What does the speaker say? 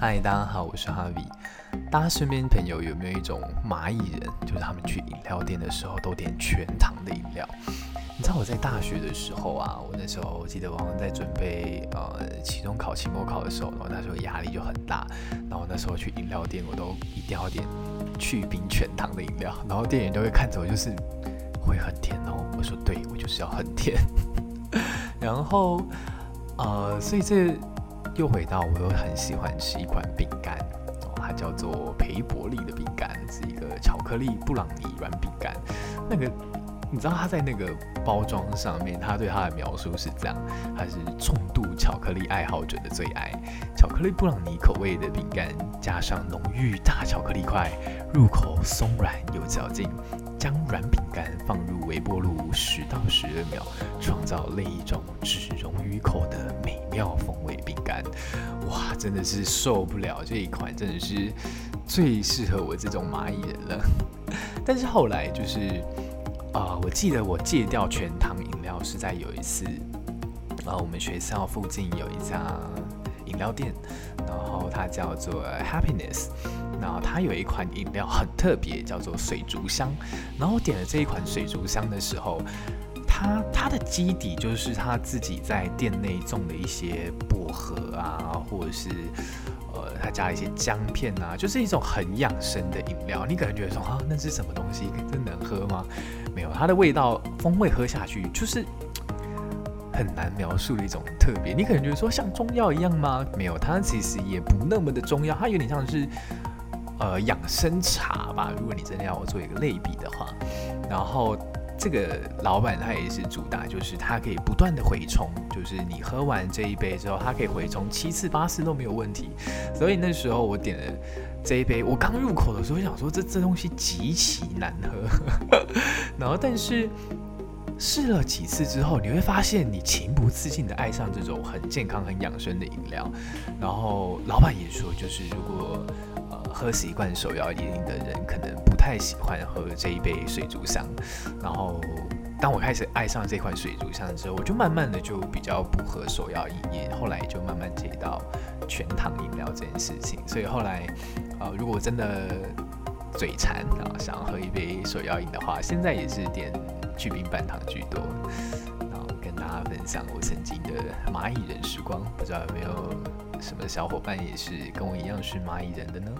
嗨，Hi，大家好，我是哈比。大家身邊朋友有沒有一種螞蟻人？就是他們去飲料店的時候都點全糖的飲料。你知道我在大學的時候啊，我那時候記得我好像在準備呃期中考、期末考的時候，然後那時候壓力就很大。然後那時候去飲料店，我都一定要點去冰全糖的飲料。然後店員都會看着我，就是會很甜。然後我說：“對，我就是要很甜。 ”然後呃，所以這個。又回到我，又很喜歡吃一款餅乾，哦，它叫做培伯利的餅乾，是一個巧克力布朗尼軟餅乾。那個你知道它在那個包裝上面，它對它的描述是這樣：它是重度巧克力愛好者的最愛，巧克力布朗尼口味的餅乾，加上濃郁大巧克力塊，入口鬆軟又嚼勁。將軟餅乾放入微波爐十到十二秒，創造另一種只溶於口的美妙風味。哇，真的是受不了這一款，真的是最適合我這種螞蟻人了。但是後來就是啊、呃，我記得我戒掉全糖飲料是在有一次啊，我們學校附近有一家飲料店，然後它叫做 Happiness，那它有一款飲料很特別，叫做水竹香。然後我點了這一款水竹香的時候。它它的基底就是他自己在店內種的一些薄荷啊，或者是呃，他加了一些薑片啊，就是一種很養生的飲料。你可能覺得說啊，那是什麼東西？這能喝嗎？沒有，它的味道、風味喝下去就是很難描述的一種特別。你可能覺得說像中藥一樣嗎？沒有，它其實也不那麼的中藥，它有點像是呃養生茶吧。如果你真的要我做一個類比的話，然後。這個老闆他也是主打，就是他可以不斷的回沖，就是你喝完這一杯之後，他可以回沖七次八次都沒有問題。所以那時候我點了這一杯，我剛入口的時候我想說，這這東西極其難喝， 然後但是試了幾次之後，你會發現你情不自禁的愛上這種很健康、很養生的飲料。然後老闆也說，就是如果，呃，喝習慣手搖飲料的人可。太喜歡喝這一杯水竹香，然後當我開始愛上這款水竹香之後，我就慢慢的就比較不喝手搖飲也，後來就慢慢戒掉全糖飲料這件事情。所以後來，呃，如果真的嘴饞啊，然後想要喝一杯手搖飲的話，現在也是點去冰半糖居多。然後跟大家分享我曾經的螞蟻人時光，不知道有沒有什麼小夥伴也是跟我一樣是螞蟻人的呢？